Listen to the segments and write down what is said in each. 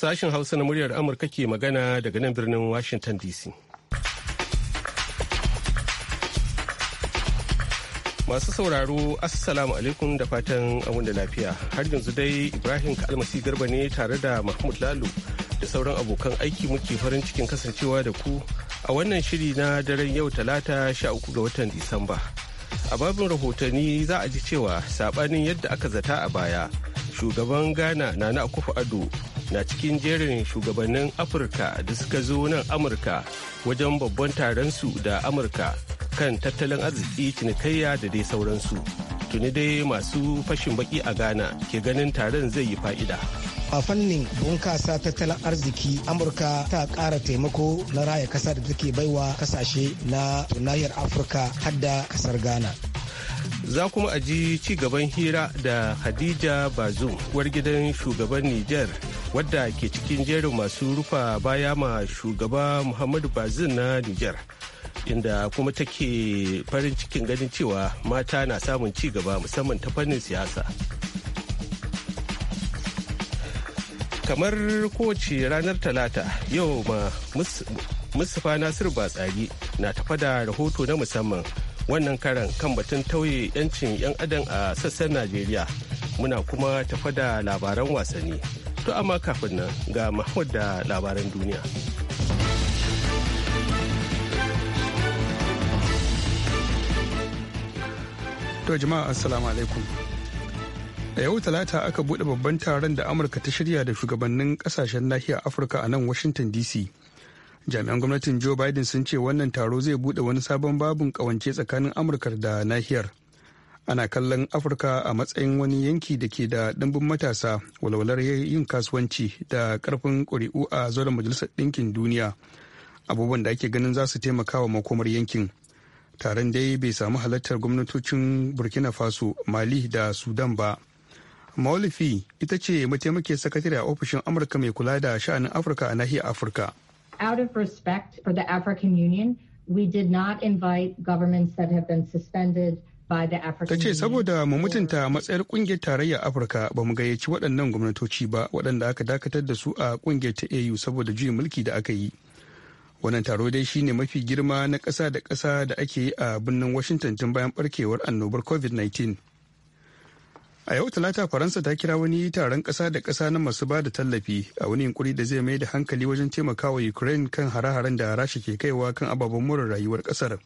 Sashen Hausa na muryar Amurka ke magana daga nan birnin Washington DC. Masu sauraro, Assalamu alaikum da fatan abun da lafiya. Har yanzu dai Ibrahim Kalmasi Garba ne tare da Mahmud lalu da sauran abokan aiki muke farin cikin kasancewa da ku a wannan shiri na daren yau talata 13 ga watan Disamba. a babin rahotanni za a ji cewa sabanin yadda aka zata a baya shugaban ghana na na akufo ado na cikin jerin shugabannin afirka da suka zo nan amurka wajen babban taronsu da amurka kan tattalin arziki cinikayya da dai sauransu tuni dai masu fashin baki a ghana ke ganin taron zai yi fa'ida a fannin bunkasa tattalin arziki amurka ta kara taimako na raya kasa da take baiwa kasashe na nahiyar afirka hadda kasar ghana za kuma a ji ci gaban hira da hadija bazum uwar gidan shugaban niger wadda ke cikin jerin masu rufa baya ma shugaba muhammadu bazin na niger inda kuma take farin cikin ganin cewa mata na samun ci gaba musamman ta fannin siyasa kamar kowace ranar talata yau ma mustapha nasir batsari na tafa da rahoto na musamman wannan karan kan batun tauye 'yancin 'yan adam a sassan najeriya muna kuma tafa da labaran wasanni To amma kafin nan ga Mahmud da labaran duniya. To jama'a assalamu alaikum. A yau talata aka buɗe babban taron da Amurka ta shirya da shugabannin kasashen nahiyar Afirka a nan Washington DC. Jami'an gwamnatin Joe Biden sun ce wannan taro zai buɗe wani sabon babin ƙawance tsakanin Amurka da nahiyar. ana kallon afirka a matsayin wani yanki da ke da ɗimbin matasa walwalar yin kasuwanci da karfin ƙuri'u a zauren majalisar ɗinkin duniya abubuwan da ake ganin za su taimaka wa makomar yankin taron dai bai samu halartar gwamnatocin burkina faso mali da sudan ba maulifi ita ce mataimake sakatare a ofishin amurka mai kula da sha'anin afirka a nahiyar afirka out of respect for the african union we did not invite governments that have been suspended ta ce saboda mu mutunta matsayar kungiyar tarayya afirka ba mu gayyaci waɗannan gwamnatoci ba waɗanda aka dakatar da su a kungiyar ta au saboda juyin mulki da aka yi wannan taro dai shine mafi girma na ƙasa da ƙasa da ake yi a birnin washington tun bayan barkewar annobar covid-19 a yau talata faransa ta kira wani taron ƙasa da ƙasa na masu ba da tallafi a wani yunkuri da zai mai da hankali wajen taimakawa ukraine kan hare-haren da rasha ke kaiwa kan ababen more rayuwar ƙasar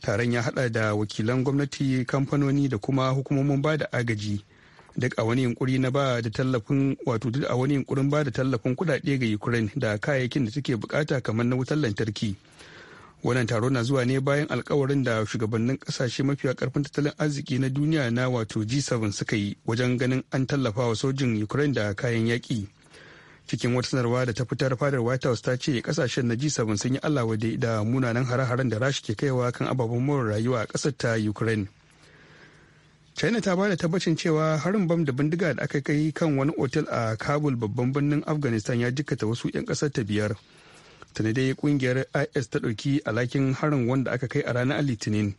taron ya hada da wakilan gwamnati kamfanoni da kuma hukumomin ba da agaji duk a wani yunkuri na ba da tallafin wato duk a wani yunkurin ba da tallafin kudade ga ukraine da kayayyakin da suke bukata kamar na wutar lantarki wannan taro na zuwa ne bayan alkawarin da shugabannin kasashe mafiya karfin tattalin arziki na duniya na wato g7 suka yi wajen ganin an tallafa wa sojin ukraine da kayan yaki. cikin wata sanarwa da ta fitar fadar white house ta ce kasashen na g7 sun yi allah wade da munanan hare-haren da rashi ke kaiwa kan ababen more rayuwa a kasar ta ukraine china ta bada tabbacin cewa harin bam da bindiga da aka kai kan wani otel a kabul babban birnin afghanistan ya jikkata wasu 'yan kasar ta biyar tana dai kungiyar is ta ɗauki alakin harin wanda aka kai a ranar litinin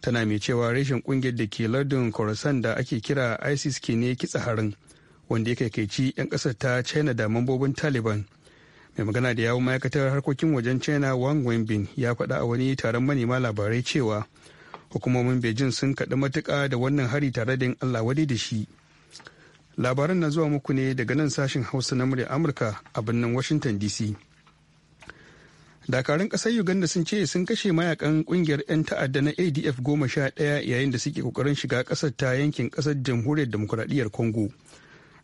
tana mai cewa reshen kungiyar da ke lardin khorasan da ake kira isis ke ne kitsa harin wanda ya kaikaici 'yan kasar ta china da mambobin taliban mai magana da yawon ma'aikatar harkokin wajen china wang wenbin ya faɗa a wani taron manema labarai cewa hukumomin beijing sun kaɗi matuƙa da wannan hari tare da yin allah wadi da shi labaran na zuwa muku ne daga nan sashen hausa na murya amurka a birnin washington dc dakarun ƙasar uganda sun ce sun kashe mayakan ƙungiyar 'yan ta'adda na adf goma sha ɗaya yayin da suke ƙoƙarin shiga ƙasar ta yankin ƙasar jamhuriyar demokuraɗiyyar congo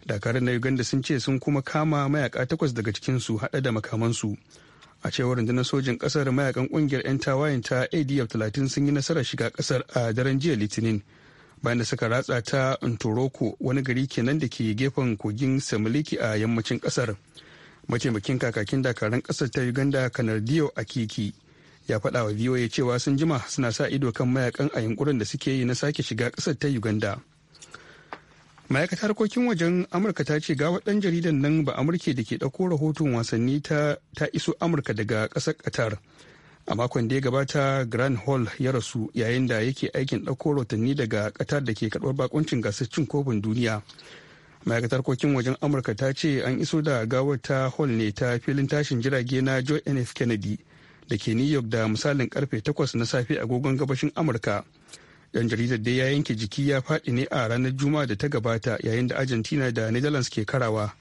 dakarun na uganda sun ce sun kuma kama mayaka takwas daga cikinsu hada da makamansu a cewar rundunar sojin kasar mayakan kungiyar 'yan tawayen ta adf 30 sun yi nasarar shiga kasar a daren jiya litinin bayan da suka ratsa ta ntoroko wani gari kenan da ke gefen kogin samiliki a yammacin kasar mataimakin kakakin dakarun kasar ta uganda kanar dio akiki ya faɗa wa voa cewa sun jima suna sa ido kan mayakan a yunkurin da suke yi na sake shiga kasar ta uganda ma'aikatar harkokin wajen amurka ta ce ga ɗan jaridan nan ba amurke da ke ɗauko rahoton wasanni ta iso amurka daga ƙasar qatar a makon da ya gabata grand hall ya rasu yayin da yake aikin ɗauko rahotanni daga qatar da ke karɓar bakuncin gasar cin kofin duniya ma'aikatar harkokin wajen amurka ta ce an iso da gawar ta hall ne ta filin tashin jirage na john f kennedy da ke new york da misalin karfe 8 na safe agogon gabashin amurka dan jaridar da ya yanke jiki ya faɗi ne a ranar juma'a da ta gabata yayin da argentina da netherlands ke karawa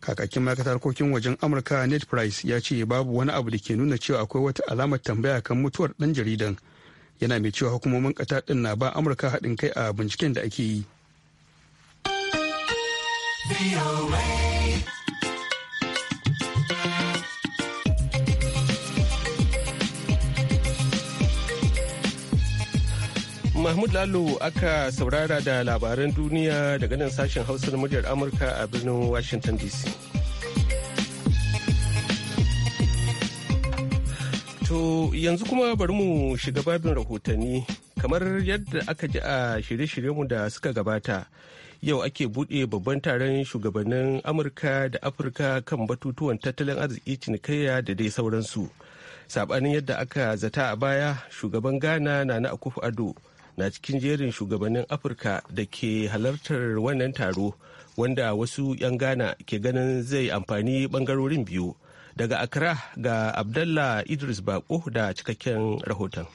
kakakin ma'aikatar harkokin wajen amurka net price ya ce babu wani abu da ke nuna cewa akwai wata alamar tambaya kan mutuwar dan jaridan yana mai cewa hukumomin kata ɗin na ba amurka haɗin kai a binciken da ake yi. Mahmud Lalo aka saurara da labaran duniya daga nan sashen hausar muryar Amurka a birnin Washington DC. To yanzu kuma bari mu shiga babin rahotanni kamar yadda aka ji a shirye-shiryenmu da suka gabata. Yau ake buɗe babban taron shugabannin Amurka da Afirka kan batutuwan tattalin arziki cinikayya da dai sauransu. Saɓanin yadda aka zata a baya, shugaban Ghana na na Akufo Ado na cikin jerin shugabannin afirka da ke halartar wannan taro wanda wasu 'yan ghana ke ganin zai amfani bangarorin biyu daga accra ga abdallah idris bako da cikakken rahoton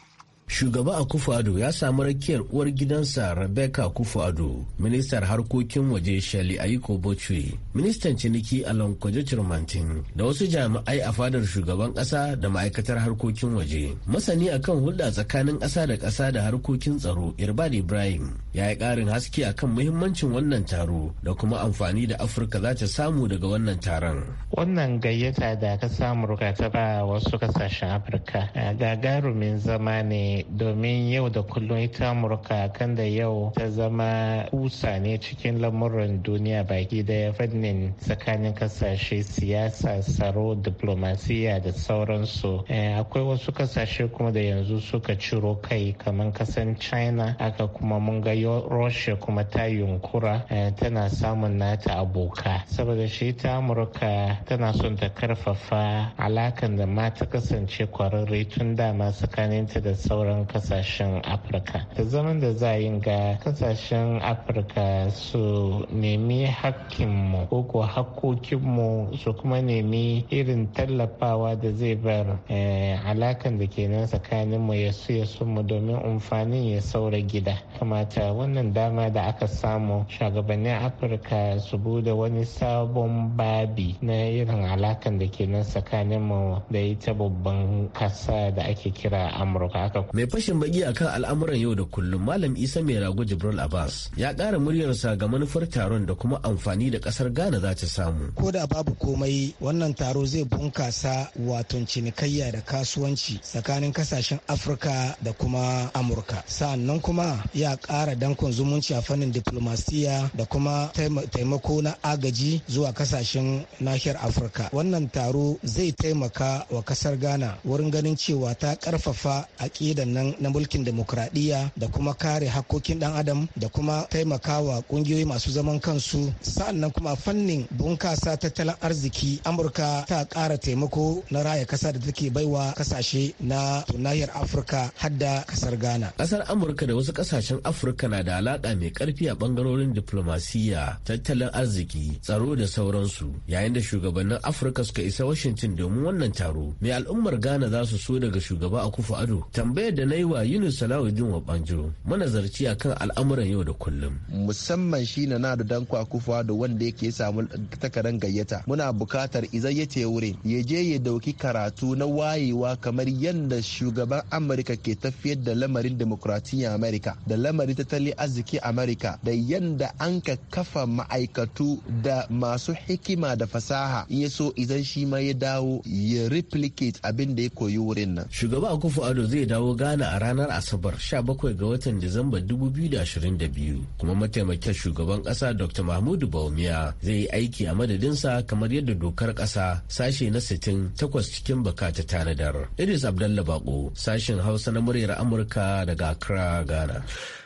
Shugaba a Kufu Ado ya samu rakiyar uwar gidansa Rebecca Akufo Addo, ministar harkokin waje Shali Ayiko Bochwe, ministan ciniki Alan Kwajo Chirmantin, da wasu jami'ai a fadar shugaban ƙasa da ma'aikatar harkokin waje. Masani akan hulɗa tsakanin ƙasa da ƙasa da harkokin tsaro Irbad Ibrahim ya yi ƙarin haske a kan muhimmancin wannan taro da kuma amfani da Afirka za ta samu daga wannan taron. Wannan gayyata da ka samu rukata ba wasu ƙasashen Afirka eh, gagarumin zama ne domin yau da kullum ita amurka kan da yau ta zama kusa ne cikin lamuran duniya baki daya fannin tsakanin kasashe siyasa tsaro diplomasiya da sauransu eh, akwai wasu kasashe kuma da yanzu suka ciro kai kamar kasan china aka kuma mun ga russia kuma ta yunkura eh, tana samun nata aboka saboda shi ta amurka tana son ta karfafa alakan da ma ta kasance kwararre tun dama tsakaninta da sauran sauran kasashen afirka da zaman da za yin ga kasashen afirka su nemi hakkinmu ko ko hakkokinmu su kuma nemi irin tallafawa da zai bar eh, alakan da ke nan tsakaninmu ya su ya su mu domin amfanin ya saura gida kamata wannan dama da aka samu shugabannin afirka su bude wani sabon babi na irin alakan da ke nan tsakaninmu da ita babban kasa da ake kira amurka aka mai fashin baki akan al'amuran yau da kullum malam isa mai rago jibril abbas ya ƙara muryarsa ga manufar taron da kuma amfani da ƙasar ghana za ta samu ko da babu komai wannan taro zai bunkasa waton cinikayya da kasuwanci tsakanin kasashen afirka da kuma amurka sannan kuma ya ƙara dankon zumunci a fannin diplomasiya da kuma taimako na agaji zuwa kasashen nahiyar afirka wannan taro zai taimaka wa kasar ghana wurin ganin cewa ta ƙarfafa aƙida nan na mulkin demokradiyya da kuma kare hakkokin dan adam da kuma taimakawa kungiyoyi masu zaman kansu sa'annan kuma fannin bunkasa tattalin arziki amurka ta kara taimako na raya kasa da take baiwa kasashe na nahiyar afirka hadda kasar ghana kasar amurka da wasu kasashen afirka na da alaka mai karfi a ɓangarorin diplomasiya tattalin arziki tsaro da sauransu yayin da shugabannin afirka suka isa washington domin wannan taro mai al'ummar ghana za su so daga shugaba a kufa ado tambayar da na wa Yunus Salahuddin wa Banjiro manazarci akan al'amuran yau da kullum. Musamman shi na nadu dan kwakufa da wanda yake samu takarar gayyata. Muna bukatar izai ya teure ya je ya dauki karatu na wayewa kamar yadda shugaban Amurka ke tafiyar da lamarin demokratiyyar Amurka da lamarin tattalin arziki Amurka da yadda an ka kafa ma'aikatu da masu hikima da fasaha in ya so izan shi ma ya dawo ya replicate abin da ya koyi wurin nan. shugaban akufu Ado zai dawo gane a ranar Asabar 17 ga watan Disamba 2022 kuma mataimakin shugaban ƙasa Dr. Mahmudu Baumiya zai yi aiki a madadinsa kamar yadda dokar ƙasa sashe na sitin 68 cikin baka ta tanadar. Idris Abdallah Bako sashen Hausa na muryar Amurka daga Accra, Ghana.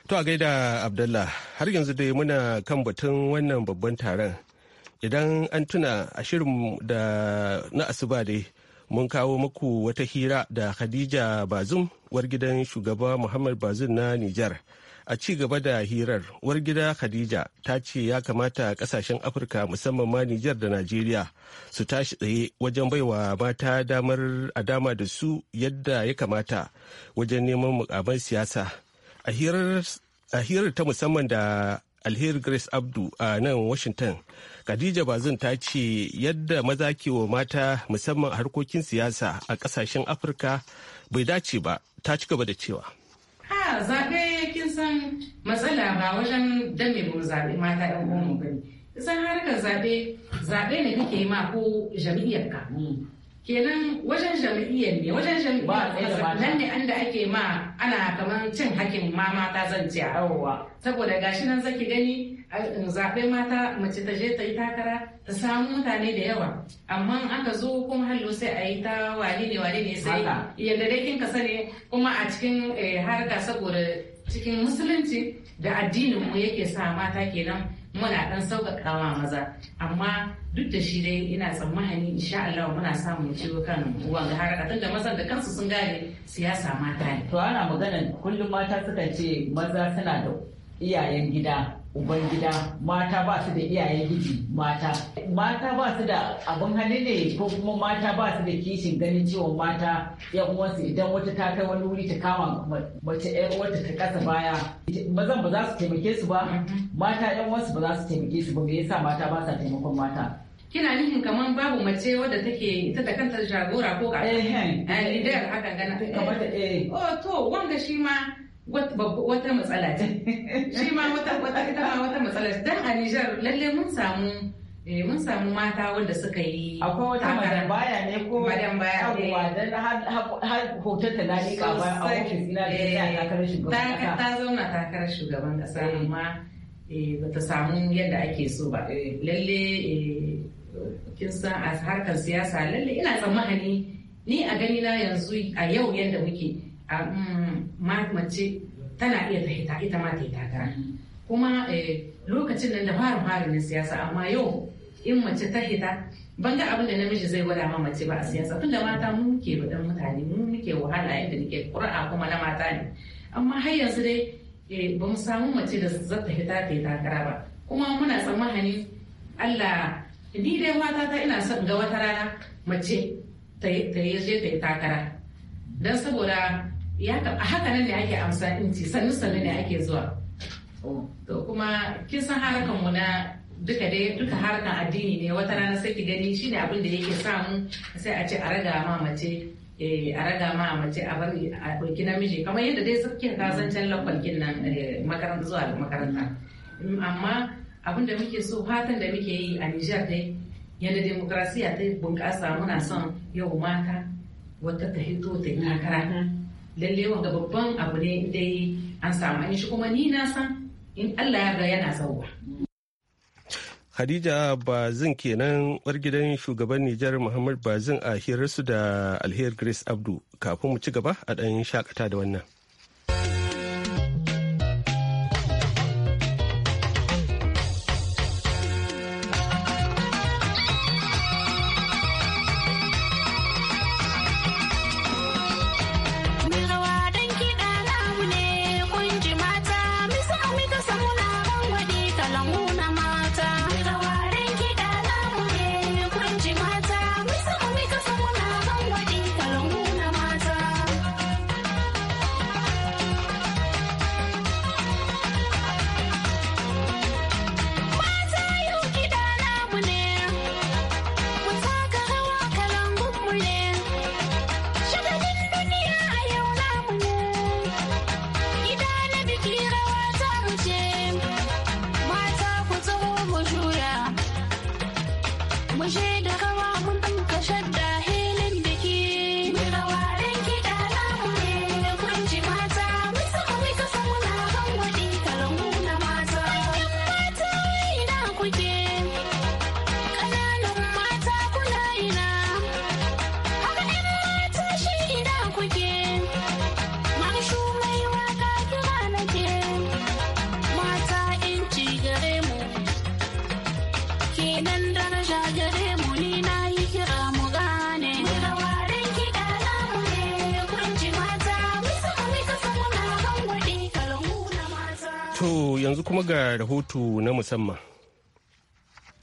To a gaida Abdullah har yanzu dai muna kan batun wannan babban taron. Idan an tuna a shirin da na asuba dai mun kawo muku wata hira da Khadija Bazum wargidan shugaba Muhammad Bazum na Nijar. A ci gaba da hirar, wargida Khadija ta ce ya kamata kasashen Afirka musamman ma Nijar da Najeriya su tashi tsaye wajen baiwa mata damar a dama da su yadda ya kamata wajen neman mukaban siyasa. A hirar ta musamman da alheri grace abdu a nan washington khadija bazin ta ce yadda maza ke wa mata musamman harkokin siyasa a kasashen afirka bai dace ba ta ci gaba da cewa a zaɓe kin san matsala ba wajen dame ba zaɓe mata ɗan uwan ba ne kusan harkar zaɓe zaɓe ne kake yi ma ko jam'iyyar ka kenan wajen jam'iyyar ne wajen jam'iyyar nan ne an da ake ma ana kamar cin hakin ma mata zan ce saboda gashi nan zaki gani zaɓe mata mace ta je ta yi takara ta samu mutane da yawa amma aka zo kuma hallo sai a yi ta wani ne wani ne sai yadda dai kin ka sani kuma a cikin eh, harka saboda cikin musulunci da addinin mu yake sa mata kenan muna dan sauƙaƙa maza amma duk da shi dai ina tsammani insha Allah muna samun ciwo kan ga haraka tun da mazan da kansu sun gane siyasa mata ne. To ana magana kullum mata suka ce maza suna da iyayen gida uban gida mata ba su da iyayen giji mata mata ba su da abin hali ne ko kuma mata ba su da kishin ganin ciwon mata yan uwansu idan wata ta kai wani wuri ta kama mace yan wata ta kasa baya mazan ba za su taimake su ba mata yan uwansu ba za su taimake su ba me yasa mata ba sa taimakon mata kina nihin kaman babu mace wadda take ita da kanta jagora ko ga eh eh idan haka gana kamar eh oh to wanda shi ma wata matsala ce shi ma wata wata ita ma wata matsala ce dan a lalle mun samu eh, mun samu mata wanda suka yi akwai wata madan baya ne ko madan baya ne eh. dan har hoton ta na ka ba a ofis na da takarar eh, shugaban kasa ta zauna takarar shugaban kasa amma ba ta samu yadda ake so ba lalle kin san a harkar siyasa lalle ina tsammani ni a gani na yanzu a yau yadda muke Mm, mace tana iya ta hita ita ma ta yi takara mm. kuma eh, lokacin nan da fara fara na siyasa amma yau in mace ta hita ban ga abin da namiji zai gwada ma mace ba a siyasa tun da mata mu ke baɗin mutane mu muke wahala yadda nake ƙura'a kuma na mata ne amma har yanzu dai eh, ba mu samu mace da za ta hita ta yi takara ba kuma muna tsammanin Allah ni dai mata ta ina son ga wata rana mace ta yi ta yi takara don saboda haka nan da ake amsa inci sannu sannu ne ake zuwa oh. to kuma kin san harkan mu na duka dai duka harkan addini ne wata rana sai ki gani shine abin da yake samu sai a ce a raga ma mace eh, a raga ma mace a bari a ɗauki namiji kamar yadda dai sukin kasancen lakwalkin nan eh, makaranta zuwa makaranta amma abin da muke so fatan da muke yi a Nijar dai yadda demokrasiya ta bunƙasa muna son yau mata wata ta hito ta takara mm-hmm. lalle wanda babban abu ne dai an samu shi kuma ni na san in Allah ya ga yana zauwa Khadija Bazin kenan war gidan shugaban Nijar Muhammad Bazin a hirarsu da Alheri Grace Abdu kafin mu ci gaba a ɗan shakata da wannan. To yanzu kuma ga rahoto na musamman.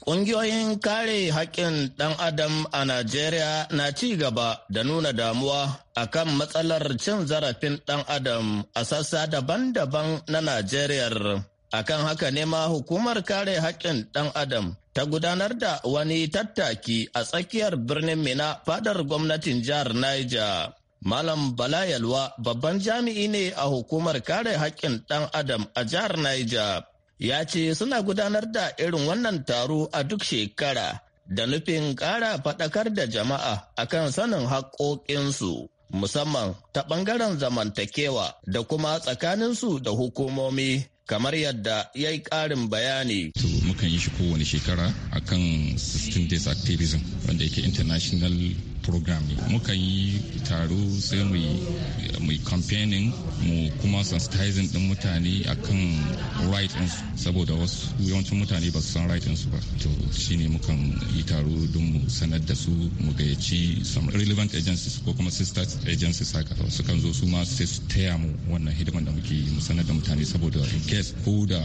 Ƙungiyoyin kare haƙƙin ɗan adam a Najeriya na ci gaba da nuna damuwa a kan matsalar cin zarafin ɗan adam a sassa daban-daban na Najeriya. Akan haka ne ma hukumar kare haƙƙin ɗan adam ta gudanar da wani tattaki a tsakiyar birnin Mina fadar gwamnatin jihar Niger. Malam Bala Yalwa babban jami'i ne a hukumar kare haƙƙin ɗan Adam a jihar Niger. Ya ce suna gudanar da irin wannan taro a duk shekara da nufin ƙara faɗakar da jama'a a kan sanin haƙƙoƙinsu. musamman ta ɓangaren zamantakewa da kuma tsakaninsu da hukumomi kamar yadda ya yi ƙarin bayani. mukan yi shi kowane shekara akan 16 days activism wanda yake international program muka yi taro sai mu yi campaigning mu kuma sensitizing din mutane akan right su saboda wasu yawancin mutane ba su san right su ba to shine mukan yi taro don mu sanar da su mu gayyaci some relevant agencies ko kuma sister agencies haka su kan zo su ma sai su taya mu wannan hidiman da muke yi mu sanar da mutane saboda in case ko da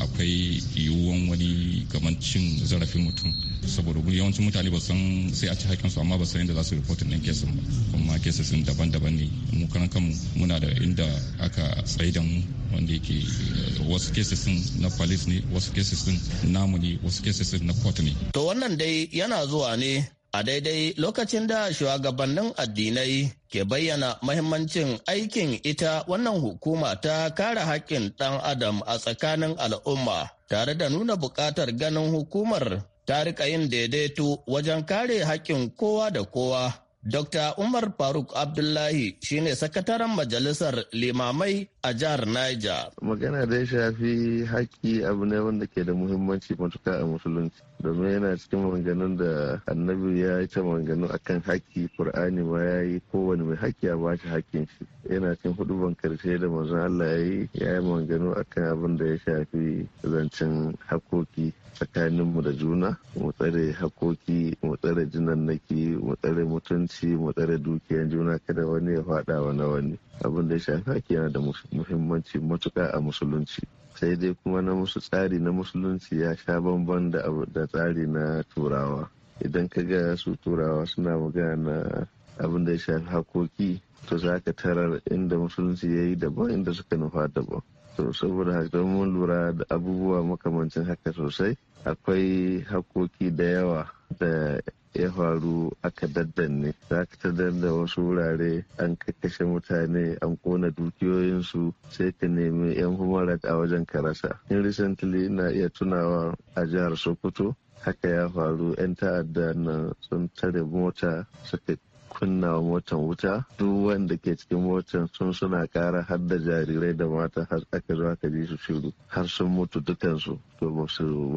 akwai yiwuwan wani kamar cin zarafin mutum saboda yawancin mutane ba san sai a ci su amma ba san inda za su reportin ɗin kesin ba kuma kesin daban-daban ne mu karan kanmu muna da inda aka da mu wanda yake eh, wasu sun na police ne wasu kesesin namu ne wasu sun na court ne. To wannan dai yana zuwa ne a daidai lokacin da shugabannin addinai ke bayyana mahimmancin aikin ita wannan hukuma ta kare haƙƙin ɗan adam a tsakanin al'umma tare da nuna buƙatar ganin hukumar ta rika yin daidaito wajen kare haƙƙin kowa da kowa Dr. Umar Faruk Abdullahi shine sakataren majalisar limamai a jihar Niger. Magana da ya shafi haƙƙi abu ne wanda ke da muhimmanci matuka a musulunci. Domin yana cikin maganganun da annabi ya yi ta maganganu a kan haƙƙi, Kur'ani ma ya yi kowane mai haƙƙi a ba shi haƙƙin shi. Yana cikin huduban karshe da manzon Allah ya yi ya yi maganganu a kan abin da ya shafi zancen haƙoƙi tsakaninmu da juna mu tsare hakoki mu tsare jinannaki mu tsare mutunci mu tsare dukiyan juna kada wani ya faɗa wa na wani abin da ya shafi haƙƙi yana da muhimmanci matuƙa a musulunci sai dai kuma na musu tsari na musulunci ya sha bamban da tsari na turawa idan ka ga su turawa suna magana abin da ya shafi hakoki to za ka tarar inda musulunci ya yi daban inda suka nufa daban to saboda haka mun lura da abubuwa makamancin haka sosai akwai hakoki da yawa da ya faru aka daddanne za ka tadar da wasu wurare an kashe mutane an kona dukiyoyinsu sai ka nemi yan humarat a wajen karasa in recently na iya tunawa a jihar sokoto haka ya faru 'yan ta'adda na sun tare mota suka kunna wa motan wuta duk wanda ke cikin motan sun suna kara har da jarirai da mata har aka zo aka ji su shiru har sun mutu dukansu to ba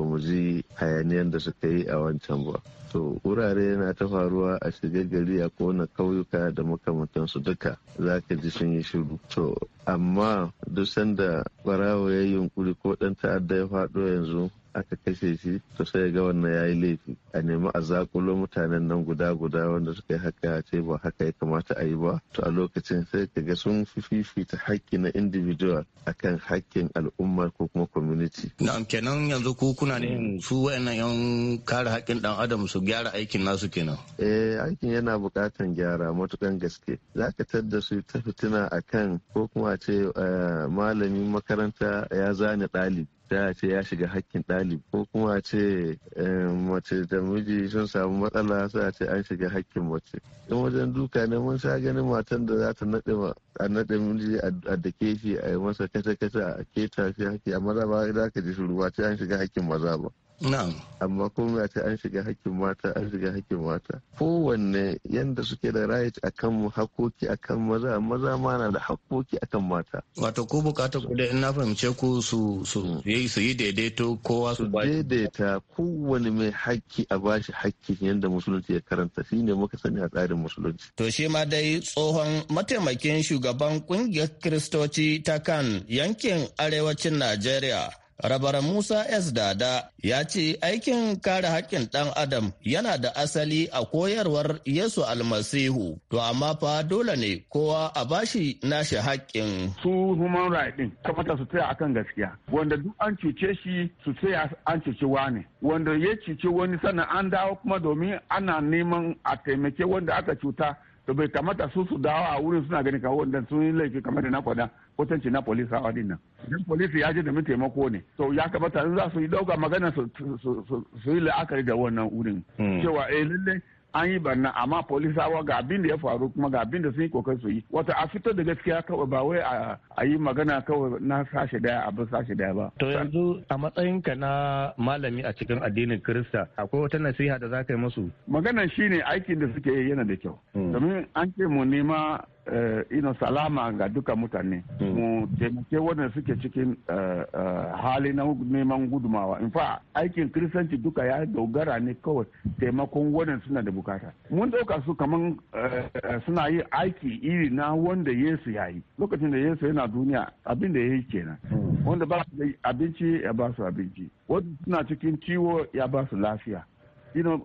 mu ji hayaniyan da suka yi a wancan ba to wurare na ta faruwa a shiga gari a kona kauyuka da makamantansu duka za ka ji sun yi shiru to amma duk sanda barawo ya yi yunkuri ko ɗan ta'adda ya faɗo yanzu aka kashe shi to sai ga wannan ya yi laifi a nemi a zakulo mutanen nan guda guda wanda suka yi haka ce ba haka ya kamata a yi ba to a lokacin sai ka ga sun fifita haƙƙi na individual akan haƙƙin al'umma ko kuma community. Na'am kenan yanzu ku kuna ne su wayannan yan kare haƙƙin dan adam su gyara aikin nasu kenan. Eh aikin yana buƙatan gyara matukan gaske. Za ka tadda su ta fitina akan ko kuma ce eh, malamin makaranta ya zane ɗalibi da ce ya shiga hakkin ɗalibi ko kuma ce eh, mace da miji sun samu matsala sai a ce an shiga hakkin mace in wajen duka ne mun sha ganin matan da za ta naɗe a naɗe miji a da shi a yi masa kata-kata a keta shi haƙƙi amma za ba za ka ji shuru ba ce an shiga hakkin maza ba Na'am. Amma kuma ce an shiga hakkin mata an shiga hakkin mata. Kowanne yanda suke da right akan hakoki akan maza maza ma na da hakoki akan mata. Wato ko bukatar ku in na fahimce ku su su yi su yi daidaito kowa su ba. Daidaita kowanne mai hakki a bashi hakkin yanda musulunci ya karanta shi ne muka sani a tsarin musulunci. To shi ma dai tsohon mataimakin shugaban kungiyar Kiristoci ta kan yankin arewacin Najeriya. Rabaran Musa S. Dada ya ce aikin kare haƙƙin ɗan Adam yana da asali a koyarwar Yesu almasihu, to amma fa dole ne kowa a bashi nashi haƙƙin. Su human right ɗin kamata su tsaya akan gaskiya, wanda duk an cuce shi su tsaya an cuce wani, wanda ya cuce wani sannan an dawo kuma domin ana neman a taimake wanda aka cuta, to bai kamata su su dawo a wurin suna gani kawo wanda sun yi laifi kamar da na kwada. kwatanci na polisi a din nan idan polisi ya je domin taimako ne to ya kamata za su yi dauka magana su yi la'akari da wannan wurin hmm. cewa eh lallai an yi barna amma polisawa ga abin da ya faru kuma ga abin da sun yi kokari su yi wata a fitar da gaskiya kawai ba wai a yi magana kawai na sashe daya abin sashe daya ba. to yanzu a matsayinka na malami a cikin addinin kirista akwai wata nasiha da za ka yi musu. maganan shine aikin da suke yi yana da kyau hmm. domin an ce mu nema Eh, ino salama ga duka mutane hmm. mu taimake wadanda suke cikin eh, eh, hali na neman gudumawa in fa aikin kiristanci duka ya dogara ne kawai taimakon waɗanda suna da bukata mun dauka su kaman suna yi aiki iri na wanda yesu ya yi lokacin da yesu yana duniya abin da ya yi kenan hmm. wanda ba su abinci ya ba su abinci wanda suna cikin ciwo ya ba su lafiya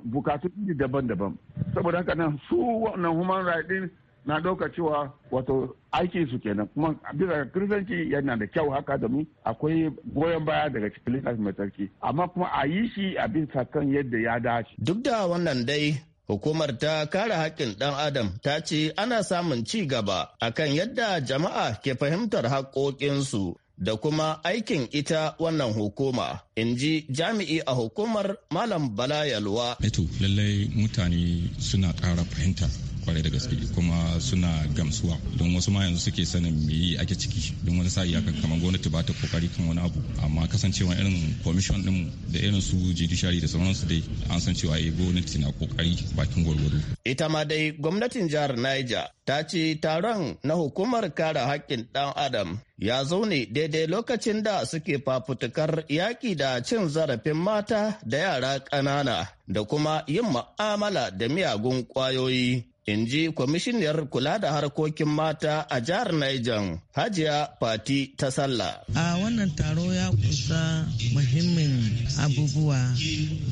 bukatu daban-daban saboda haka nan su wannan human rights na ɗauka cewa wato aiki su kenan kuma bisa kiristanci yana da kyau haka domin akwai goyon baya daga cikin mai tsarki amma kuma a yi shi a bisa kan yadda ya dace. duk da wannan dai Hukumar ta kare haƙƙin ɗan Adam ta ce ana samun ci gaba akan yadda jama'a ke fahimtar haƙoƙinsu da kuma aikin ita wannan hukuma, in ji jami'i a hukumar Malam Bala Yalwa. lallai mutane suna ƙara fahimta kwarai da gaske kuma suna gamsuwa don wasu ma yanzu suke sanin me yi ake ciki don wani sa'i akan kamar gwamnati ba ta kokari kan wani abu amma kasancewa irin commission din da irin su judiciary da sauransu dai an san cewa eh gwamnati na kokari bakin gwargwado ita ma dai gwamnatin jihar Niger ta ce taron na hukumar kare haƙƙin ɗan adam ya zo ne daidai lokacin da suke fafutukar yaƙi da cin zarafin mata da yara ƙanana da kuma yin ma'amala da miyagun ƙwayoyi in ji kwamishiniyar kula da harkokin mata a jihar Niger Hajiya Fati ta Sallah. A wannan taro ya kusa muhimmin abubuwa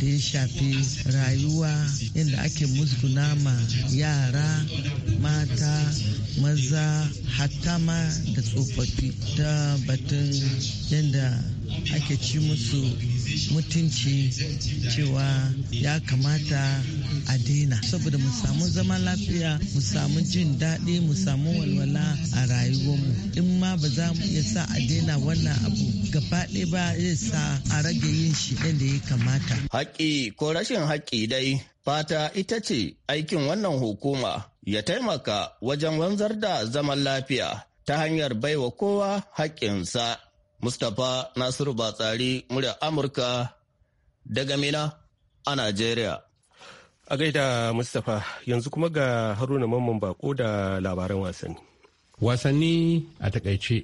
da ya shafi rayuwa inda ake musguna ma yara, mata, maza, hatama da tsofaffi ta batun yadda ake ci musu mutunci cewa ya kamata a daina saboda mu samu zaman lafiya mu samu jin daɗi mu samu walwala a rayuwarmu in ma ba za mu iya sa a daina wannan abu gaba ɗaya ba zai sa a rage yin shi yadda ya kamata haƙƙi ko rashin haƙƙi dai fata ita ce aikin wannan hukuma ya taimaka wajen wanzar da zaman lafiya ta hanyar baiwa kowa haƙƙinsa Mustapha Nasiru Batsari murya Amurka daga Mina a Najeriya. A gaida Mustapha yanzu kuma ga Haruna Mamman Bako da labaran wasanni. Wasanni a takaice.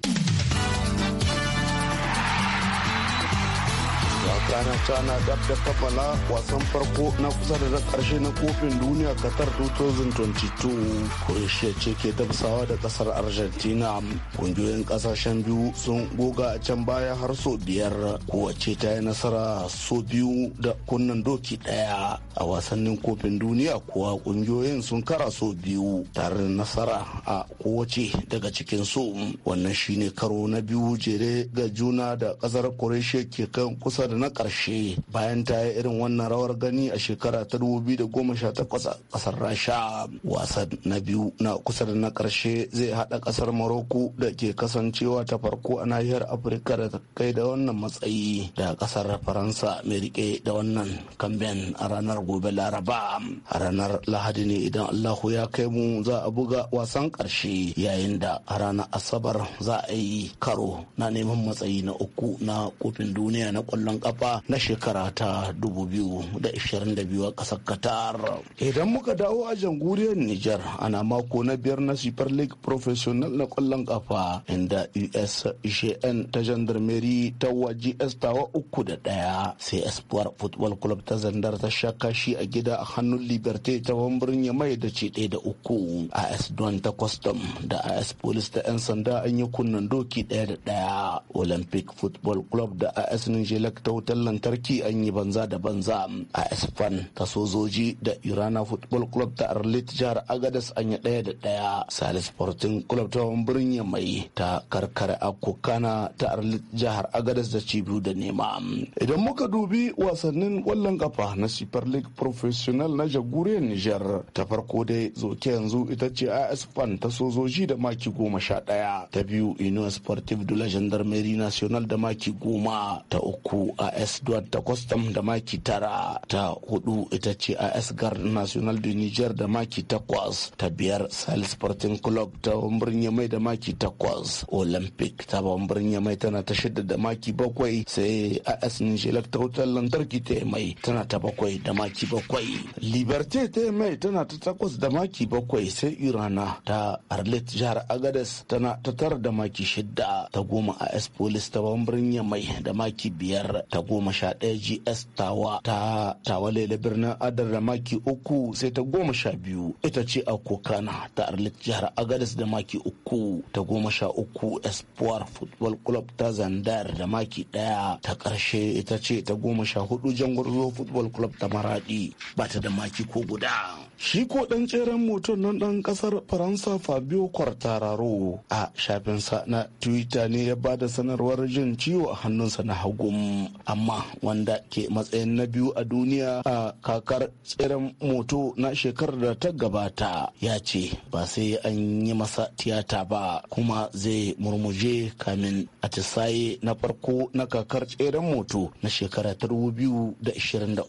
ana ta ana dab da kammala wasan farko na kusa da na karshe na kofin duniya qatar 2022 croatia ce ke tafsawa da kasar argentina kungiyoyin kasashen biyu sun goga a can baya har so biyar kowace ta yi nasara so biyu da kunnan doki daya a wasannin kofin duniya kuwa kungiyoyin sun kara so biyu tare da nasara a kowace daga cikin so wannan shine karo na biyu jere ga juna da kasar croatia ke kan kusa da na ƙarshe bayan ta yi irin wannan rawar gani a shekara ta goma sha 2018 ƙasar rasha wasan na biyu na kusa da na ƙarshe zai haɗa ƙasar maroko da ke kasancewa ta farko a nahiyar afirka da ta kai da wannan matsayi da ƙasar faransa mai rike da wannan kamben a ranar gobe laraba a ranar lahadi ne idan allahu ya kai mu za a buga wasan ƙarshe yayin da a ranar asabar za a yi karo na neman matsayi na uku na kofin duniya na ƙwallon ƙafa na shekara ta 2022 a ƙasar qatar idan muka dawo a jamhuriyar nijar ana mako na biyar na super league professional na kwallon kafa inda usjn ta gendarmerie ta gs tawa uku da ɗaya sai espoir football club ta zandar ta sha kashi a gida a hannun liberté ta wambirin ya mai da ce ɗaya da uku as don ta custom da as police ta 'yan sanda an yi kunnen doki ɗaya da ɗaya olympic football club da as nijelak ta wutar lantarki an yi banza da banza a espan ta sojoji da irana football club ta arlit jihar agadas an yi ɗaya da ɗaya salis sporting club ta birnin mai ta karkar akokana ta arlit jihar agadas da cibiyu da nema idan muka dubi wasannin kwallon kafa na super league professional na jagoriyar niger ta farko dai zoke yanzu ita ce a espan ta sojoji da maki goma sha ɗaya ta biyu union sportive de la gendarmerie national da maki goma ta uku a s. isduwar da kwastam da maki tara ta hudu ita ce a gar national de niger da maki takwas ta biyar sahel sporting club ta birnin yamai da maki takwas olympic ta birnin yamai tana ta shida da maki bakwai sai as nijelak ta lantarki ta mai tana ta bakwai da maki bakwai liberté ta mai tana ta takwas da maki bakwai sai irana ta arlet jihar agades tana ta tara da maki shida ta goma as police ta birnin yamai da maki biyar ta goma goma sha ɗaya gs tawa ta tawa laila birnin adar da maki uku sai ta goma sha biyu ita ce a kokana ta arlit jihar agadis da maki uku ta goma sha uku espoir football club ta zandar da maki ɗaya ta ƙarshe ita ce ta goma sha hudu jangwarzo football club ta maradi ba ta da maki ko guda shi ko dan tseren mutum nan dan kasar faransa fabio quartararo a sa na twitter ne ya bada sanarwar jin ciwo a hannunsa na hagun amma wanda ke matsayin na biyu a duniya a kakar tseren moto na shekarar da ta gabata ya ce ba sai an yi masa tiyata ba kuma zai murmuje kamin atisaye na farko na kakar tseren moto na shekarar 2023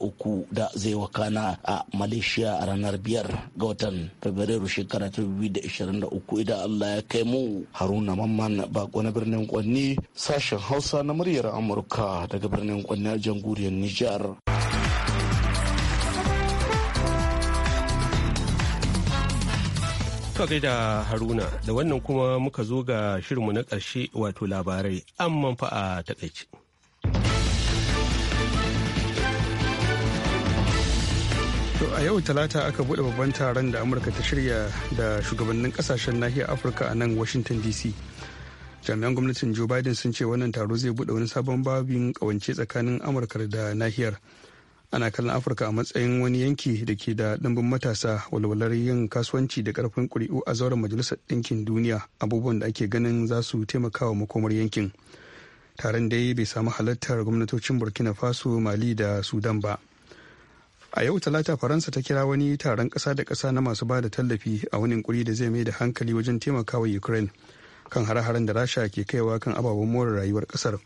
da zai wakana a malaysia a ranar biyar ga watan fabrairu shekara ta uku idan allah ya kai mu haruna mamman bako na birnin kwanni sashen hausa na muryar amurka daga birnin kwanni a jamhuriyar nijar Kaka da Haruna, da wannan kuma muka zo ga shirinmu na ƙarshe wato labarai, amman fa a takaici. To a yau talata aka bude babban taron da Amurka ta shirya da shugabannin kasashen nahiyar Afirka a nan Washington DC. Jami'an gwamnatin Joe Biden sun ce wannan taro zai bude wani sabon babin kawance tsakanin Amurka da nahiyar. Ana kallon Afirka a matsayin wani yanki da ke da ɗimbin matasa walwalar yin kasuwanci da karfin ƙuri'u a zauren Majalisar Ɗinkin Duniya abubuwan da ake ganin za su taimakawa makomar yankin. Taron dai bai samu halartar gwamnatocin Burkina Faso, Mali da Sudan ba. a yau talata faransa ta kira wani taron ƙasa da ƙasa na masu bada tallafi a wani kuri da zai mai da hankali wajen taimakawa ukraine kan hare-haren da rasha ke kaiwa kan ababen more rayuwar kasar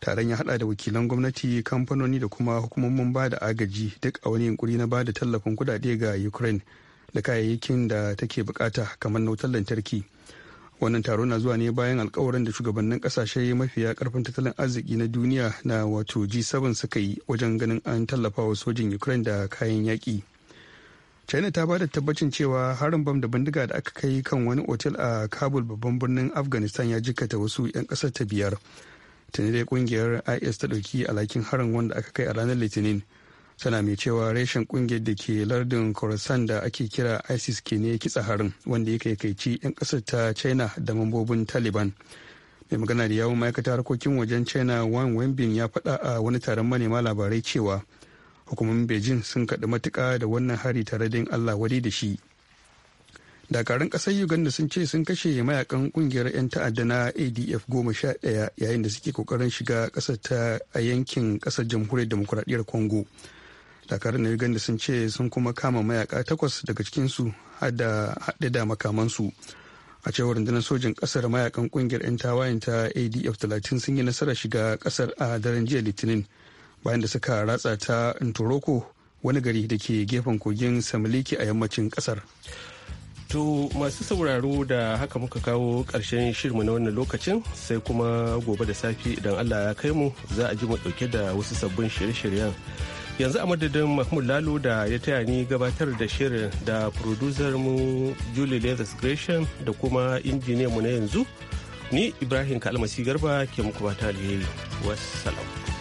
taron ya hada da wakilan gwamnati kamfanoni da kuma hukumomin ba da agaji duk a wani yunkuri na ba da tallafin kudade ga ukraine da kayayyakin da take bukata kamar na wutar lantarki wannan taro na zuwa ne bayan alkawarin da shugabannin kasashe mafiya karfin tattalin arziki na duniya na wato g7 suka yi wajen ganin an tallafa wa sojin ukraine da kayan yaki. china ta ba da tabbacin cewa harin bam da bindiga da aka kai kan wani otel a kabul babban birnin afghanistan ya jikata wasu 'yan ƙasar ta biyar tuni dai kungiyar is ta ɗauki alhakin harin wanda aka kai a ranar litinin tana mai cewa reshen kungiyar da ke lardin khorasan da ake kira isis ke ne kitsa harin wanda ya kaikaici 'yan kasar ta china da mambobin taliban mai magana da yawon ma'aikata harkokin wajen china wang wenbin ya faɗa a wani taron manema labarai cewa hukumomin beijing sun kaɗi matuka da wannan hari tare da allah wadai da shi dakarun ƙasar uganda sun ce sun kashe mayakan ƙungiyar 'yan ta'adda na adf goma sha ɗaya yayin da suke kokarin shiga ƙasar ta a yankin ƙasar jamhuriyar demokuraɗiyyar congo dakarun na uganda sun ce sun kuma kama mayaka takwas daga cikinsu haɗe da makamansu a cewar rundunar sojin kasar mayakan kungiyar 'yan tawayen ta adf 30 sun yi nasarar shiga kasar a daren jiya litinin bayan da suka ratsa ta toroko wani gari da ke gefen kogin samaliki a yammacin kasar. To masu sauraro da haka muka kawo ƙarshen shirmu na wannan lokacin sai kuma gobe da safi idan Allah ya kai mu za a ji mu ɗauke da wasu sabbin shirye-shiryen. yanzu a madadin mahmud lalo da ya taya ni gabatar da shirin da producer mu julie leathers gresham da kuma injiniyan mu na yanzu ni ibrahim kalmasi garba ke muku bata alheri wassalam